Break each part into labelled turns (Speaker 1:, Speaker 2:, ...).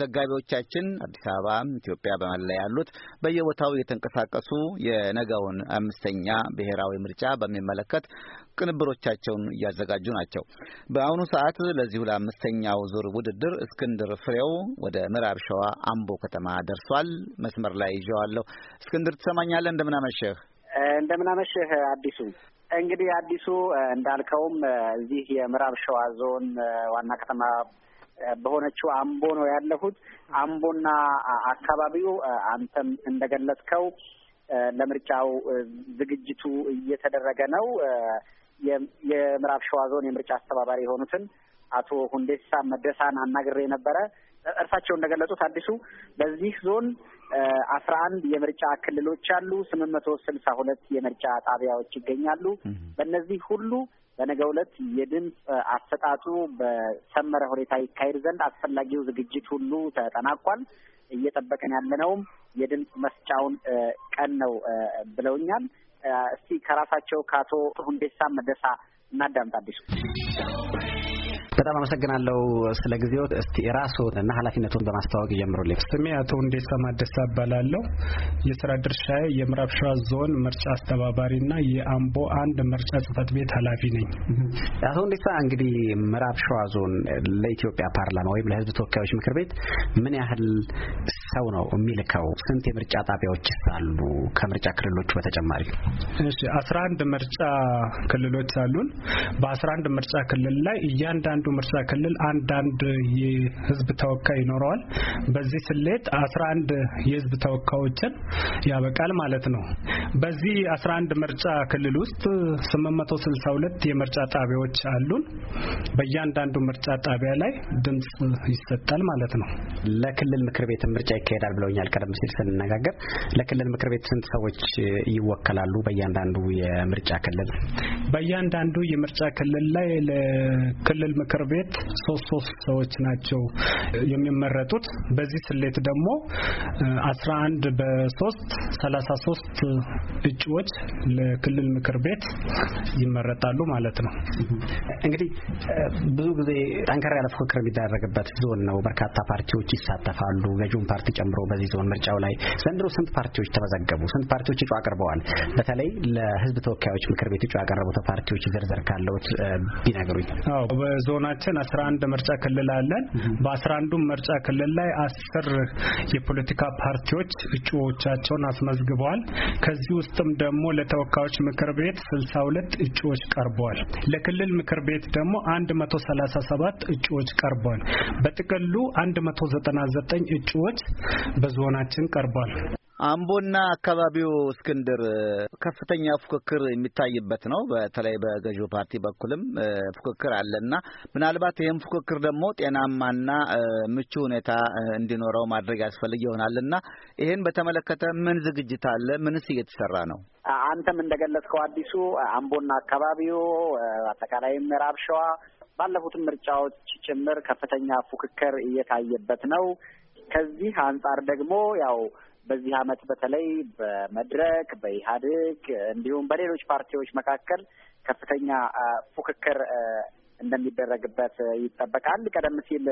Speaker 1: ዘጋቢዎቻችን አዲስ አበባ ኢትዮጵያ በመላ ያሉት በየቦታው የተንቀሳቀሱ የነገውን አምስተኛ ብሔራዊ ምርጫ በሚመለከት ቅንብሮቻቸውን እያዘጋጁ ናቸው። በአሁኑ ሰዓት ለዚሁ ለአምስተኛው ዙር ውድድር እስክንድር ፍሬው ወደ ምዕራብ ሸዋ አምቦ ከተማ ደርሷል። መስመር ላይ ይዤዋለሁ። እስክንድር ትሰማኛለህ? እንደምናመሸህ
Speaker 2: እንደምናመሸህ አዲሱ እንግዲህ አዲሱ እንዳልከውም እዚህ የምዕራብ ሸዋ ዞን ዋና ከተማ በሆነችው አምቦ ነው ያለሁት። አምቦና አካባቢው አንተም እንደገለጽከው ለምርጫው ዝግጅቱ እየተደረገ ነው። የምዕራብ ሸዋ ዞን የምርጫ አስተባባሪ የሆኑትን አቶ ሁንዴሳ መደሳን አናግሬ ነበረ። እርሳቸው እንደገለጹት አዲሱ በዚህ ዞን አስራ አንድ የምርጫ ክልሎች አሉ። ስምንት መቶ ስልሳ ሁለት የምርጫ ጣቢያዎች ይገኛሉ። በእነዚህ ሁሉ በነገ ዕለት የድምፅ አሰጣጡ በሰመረ ሁኔታ ይካሄድ ዘንድ አስፈላጊው ዝግጅት ሁሉ ተጠናቋል። እየጠበቀን ያለነውም የድምፅ መስጫውን ቀን ነው ብለውኛል። እስቲ ከራሳቸው ከአቶ ሁንዴሳ መደሳ እናዳምጥ አዲሱ በጣም አመሰግናለሁ ስለ ጊዜው። እስቲ ራስዎን እና
Speaker 3: ኃላፊነቱን በማስተዋወቅ ይጀምሩልኝ። ስሜ አቶ እንዴሰማ ማደሳ እባላለሁ። የስራ ድርሻዬ የምዕራብ ሸዋ ዞን ምርጫ አስተባባሪና የአምቦ አንድ ምርጫ ጽህፈት ቤት ኃላፊ ነኝ።
Speaker 2: አቶ እንዴሳ እንግዲህ ምዕራብ ሸዋ ዞን ለኢትዮጵያ ፓርላማ ወይም ለህዝብ ተወካዮች ምክር ቤት ምን ያህል ሰው ነው የሚልከው? ስንት የምርጫ ጣቢያዎች አሉ? ከምርጫ ክልሎቹ በተጨማሪ
Speaker 3: እሺ፣ አስራ አንድ ምርጫ ክልሎች አሉን። በአስራ አንድ ምርጫ ክልል ላይ እያንዳንዱ በእያንዳንዱ ምርጫ ክልል አንዳንድ የህዝብ ተወካይ ይኖረዋል። በዚህ ስሌት አስራ አንድ የህዝብ ተወካዮችን ያበቃል ማለት ነው። በዚህ አስራ አንድ ምርጫ ክልል ውስጥ ስምንት መቶ ስልሳ ሁለት የምርጫ ጣቢያዎች አሉን። በእያንዳንዱ ምርጫ ጣቢያ ላይ ድምጽ ይሰጣል ማለት ነው።
Speaker 2: ለክልል ምክር ቤት ምርጫ ይካሄዳል ብለውኛል። ቀደም ሲል ስንነጋገር ለክልል ምክር ቤት ስንት ሰዎች ይወከላሉ? በእያንዳንዱ የምርጫ ክልል
Speaker 3: በእያንዳንዱ የምርጫ ክልል ላይ ለክልል ምክር ምክር ቤት ሶስት ሶስት ሰዎች ናቸው የሚመረጡት። በዚህ ስሌት ደግሞ አስራ አንድ በሶስት ሰላሳ ሶስት እጩዎች ለክልል ምክር ቤት ይመረጣሉ ማለት ነው።
Speaker 2: እንግዲህ ብዙ ጊዜ ጠንከር ያለ ፉክክር የሚደረግበት ዞን ነው። በርካታ ፓርቲዎች ይሳተፋሉ፣ ገዥውን ፓርቲ ጨምሮ በዚህ ዞን ምርጫው ላይ ዘንድሮ ስንት ፓርቲዎች ተመዘገቡ? ስንት ፓርቲዎች እጩ አቅርበዋል? በተለይ ለህዝብ ተወካዮች ምክር ቤት እጩ ያቀረቡት ፓርቲዎች ዝርዝር ካለዎት ቢነግሩኝ።
Speaker 3: አዎ በዞን በዞናችን አስራ አንድ ምርጫ ክልል አለን። በአስራ አንዱ ምርጫ ክልል ላይ አስር የፖለቲካ ፓርቲዎች እጩዎቻቸውን አስመዝግበዋል። ከዚህ ውስጥም ደግሞ ለተወካዮች ምክር ቤት ስልሳ ሁለት እጩዎች ቀርበዋል። ለክልል ምክር ቤት ደግሞ አንድ መቶ ሰላሳ ሰባት እጩዎች ቀርበዋል። በጥቅሉ አንድ መቶ ዘጠና ዘጠኝ እጩዎች በዞናችን ቀርቧል።
Speaker 1: አምቦና አካባቢው እስክንድር ከፍተኛ ፉክክር የሚታይበት ነው። በተለይ በገዢው ፓርቲ በኩልም ፉክክር አለና ምናልባት ይህም ፉክክር ደግሞ ጤናማና ምቹ ሁኔታ እንዲኖረው ማድረግ ያስፈልግ ይሆናልና ይህን በተመለከተ ምን ዝግጅት አለ? ምንስ እየተሰራ ነው?
Speaker 2: አንተም እንደገለጽከው አዲሱ አምቦና አካባቢው አጠቃላይ ምዕራብ ሸዋ ባለፉት ምርጫዎች ጭምር ከፍተኛ ፉክክር እየታየበት ነው። ከዚህ አንጻር ደግሞ ያው በዚህ አመት በተለይ በመድረክ በኢህአዴግ እንዲሁም በሌሎች ፓርቲዎች መካከል ከፍተኛ ፉክክር እንደሚደረግበት ይጠበቃል። ቀደም ሲል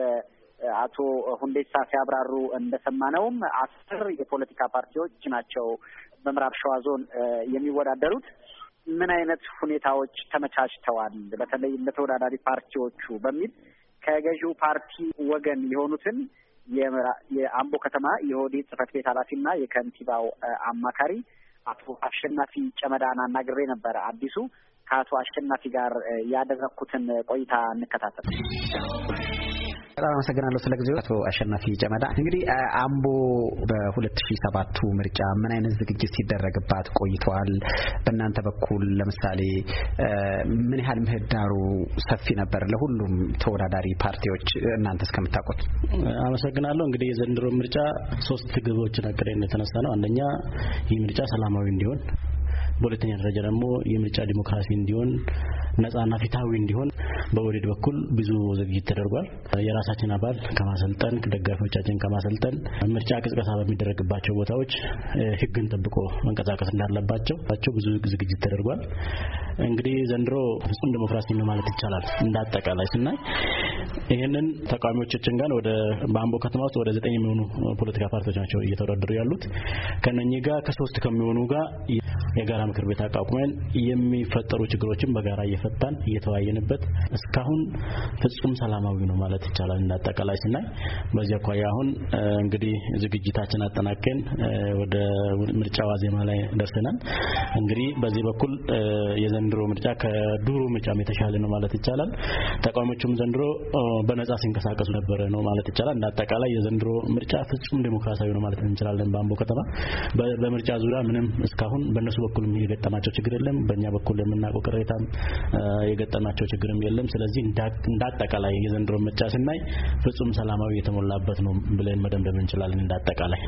Speaker 2: አቶ ሁንዴሳ ሲያብራሩ እንደሰማነውም አስር የፖለቲካ ፓርቲዎች ናቸው በምዕራብ ሸዋ ዞን የሚወዳደሩት። ምን አይነት ሁኔታዎች ተመቻችተዋል? በተለይ ለተወዳዳሪ ፓርቲዎቹ በሚል ከገዢው ፓርቲ ወገን የሆኑትን የአምቦ ከተማ የኦህዴድ ጽህፈት ቤት ኃላፊና የከንቲባው አማካሪ አቶ አሸናፊ ጨመዳን አናግሬ ነበረ። አዲሱ ከአቶ አሸናፊ ጋር ያደረግኩትን ቆይታ እንከታተል። በጣም አመሰግናለሁ ስለ ጊዜው አቶ አሸናፊ ጨመዳ። እንግዲህ አምቦ በ 2007 ምርጫ ምን አይነት ዝግጅት ሲደረግባት ቆይተዋል? በእናንተ በኩል ለምሳሌ ምን ያህል ምህዳሩ ሰፊ ነበር ለሁሉም ተወዳዳሪ ፓርቲዎች እናንተ እስከምታውቁት?
Speaker 4: አመሰግናለሁ። እንግዲህ የዘንድሮ ምርጫ ሶስት ግቦችን አቅደን የተነሳ ነው። አንደኛ ይህ ምርጫ ሰላማዊ እንዲሆን በሁለተኛ ደረጃ ደግሞ የምርጫ ዲሞክራሲ እንዲሆን ነጻና ፊታዊ እንዲሆን በወደድ በኩል ብዙ ዝግጅት ተደርጓል። የራሳችን አባል ከማሰልጠን ደጋፊዎቻችን ከማሰልጠን ምርጫ ቅስቀሳ በሚደረግባቸው ቦታዎች ሕግን ጠብቆ መንቀሳቀስ እንዳለባቸው ብዙ ዝግጅት ተደርጓል። እንግዲህ ዘንድሮ ፍጹም ዲሞክራሲ ነው ማለት ይቻላል። እንዳጠቃላይ ስናይ ይህንን ተቃዋሚዎቻችን ጋር ወደ በአምቦ ከተማ ውስጥ ወደ ዘጠኝ የሚሆኑ ፖለቲካ ፓርቲዎች ናቸው እየተወዳደሩ ያሉት ከነኚህ ጋር ከሶስት ከሚሆኑ ጋር የጋራ ምክር ቤት አቋቁመን የሚፈጠሩ ችግሮችን በጋራ እየፈታን እየተወያየንበት እስካሁን ፍጹም ሰላማዊ ነው ማለት ይቻላል። እንዳጠቃላይ ስናይ በዚህ አኳያ አሁን እንግዲህ ዝግጅታችን አጠናቀን ወደ ምርጫ ዋዜማ ላይ ደርሰናል። እንግዲህ በዚህ በኩል የዘንድሮ ምርጫ ከዱሮ ምርጫም የተሻለ ነው ማለት ይቻላል። ተቃዋሚዎቹም ዘንድሮ በነጻ ሲንቀሳቀሱ ነበረ ነው ማለት ይቻላል። እንዳጠቃላይ የዘንድሮ ምርጫ ፍጹም ዴሞክራሲያዊ ነው ማለት እንችላለን። በአምቦ ከተማ በምርጫ ዙሪያ ምንም እስካሁን በእነሱ በኩል የገጠማቸው ችግር የለም። በእኛ በኩል የምናውቀው ቅሬታም የገጠማቸው ችግርም የለም። ስለዚህ እንዳጠቃላይ የዘንድሮ ምርጫ ስናይ ፍጹም ሰላማዊ የተሞላበት ነው ብለን መደምደም እንችላለን። እንዳጠቃላይ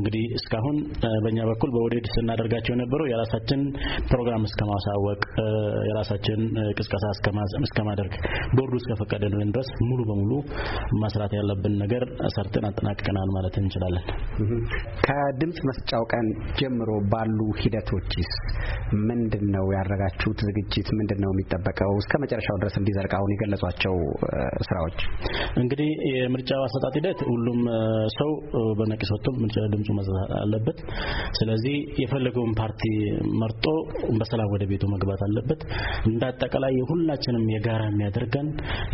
Speaker 4: እንግዲህ እስካሁን በእኛ በኩል በወደድ ስናደርጋቸው የነበረው የራሳችን ፕሮግራም እስከማሳወቅ የራሳችን ቅስቀሳ እስከማደርግ ቦርዱ እስከፈቀደልን ድረስ ሙሉ በሙሉ መስራት ያለብን ነገር ሰርተን አጠናቅቀናል ማለት እንችላለን።
Speaker 2: ከድምጽ መስጫው ቀን ጀምሮ ባሉ ሂደቶችስ ምንድን ነው ያረጋችሁት ዝግጅት? ምንድን ነው የሚጠበቀው? እስከ
Speaker 4: መጨረሻው ድረስ እንዲዘልቅ አሁን የገለጿቸው ስራዎች እንግዲህ የምርጫ አሰጣጥ ሂደት ሁሉም ሰው በነቂስ ምርጫ ድምፁ መስጠት አለበት። ስለዚህ የፈለገውን ፓርቲ መርጦ በሰላም ወደ ቤቱ መግባት አለበት። እንዳጠቃላይ የሁላችንም የጋራ የሚያደርገን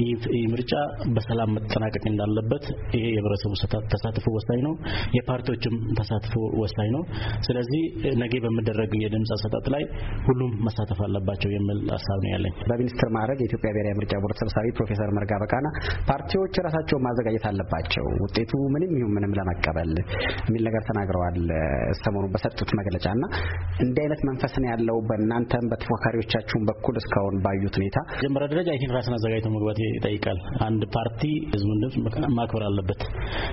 Speaker 4: ይህ ምርጫ በሰላም መጠናቀቅ እንዳለበት ይሄ የህብረተሰቡ ተሳትፎ ወሳኝ ነው። የፓርቲዎችም ተሳትፎ ወሳኝ ነው። ስለዚህ ነገ በሚደረግ የድምፅ አሰጣጥ ላይ ሁሉም መሳተፍ አለባቸው የሚል ሀሳብ ነው ያለኝ። በሚኒስትር ማዕረግ
Speaker 2: የኢትዮጵያ ብሔራዊ ምርጫ ቦርድ ሰብሳቢ ፕሮፌሰር መርጋ በቃና ፓርቲዎች ራሳቸውን ማዘጋጀት አለባቸው ውጤቱ ምንም ይሁን ምንም ለመቀበል የሚል ነገር ተናግረዋል ሰሞኑን በሰጡት መግለጫ እና እንዲህ አይነት መንፈስ ነው ያለው በእናንተም በተፎካሪዎቻችሁም በኩል እስካሁን ባዩት ሁኔታ መጀመሪያ
Speaker 4: ደረጃ ይህን ራስን አዘጋጅቶ መግባት ይጠይቃል። አንድ ፓርቲ ህዝቡን ድምፅ ማክበር አለበት።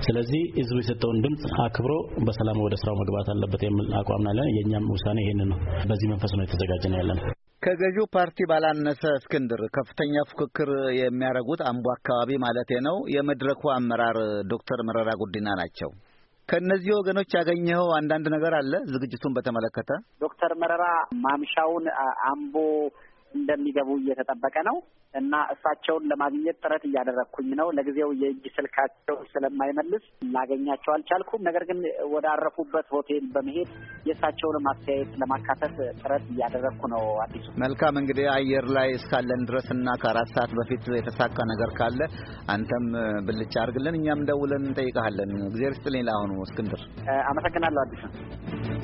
Speaker 4: ስለዚህ ህዝቡ የሰጠውን ድምፅ አክብሮ በሰላም ወደ ስራው መግባት አለበት የሚል አቋምና ያለን የእኛም ውሳኔ ይህን ነው። በዚህ መንፈስ ነው የተዘጋጀ ነው ነው።
Speaker 1: ከገዢው ፓርቲ ባላነሰ እስክንድር ከፍተኛ ፉክክር የሚያደርጉት አምቦ አካባቢ ማለት ነው የመድረኩ አመራር ዶክተር መረራ ጉዲና ናቸው። ከእነዚህ ወገኖች ያገኘኸው አንዳንድ ነገር አለ? ዝግጅቱን በተመለከተ
Speaker 2: ዶክተር መረራ ማምሻውን አምቦ እንደሚገቡ እየተጠበቀ ነው እና እሳቸውን ለማግኘት ጥረት እያደረግኩኝ ነው። ለጊዜው የእጅ ስልካቸው ስለማይመልስ ላገኛቸው አልቻልኩም። ነገር ግን ወዳረፉበት ሆቴል በመሄድ የእሳቸውንም አስተያየት ለማካተት ጥረት እያደረግኩ ነው። አዲሱ
Speaker 1: መልካም እንግዲህ አየር ላይ እስካለን ድረስ እና ከአራት ሰዓት በፊት የተሳካ ነገር ካለ አንተም ብልጫ አድርግልን፣ እኛም ደውለን እንጠይቀሃለን። እግዜር ስጥልኝ። ለአሁኑ እስክንድር
Speaker 2: አመሰግናለሁ። አዲሱ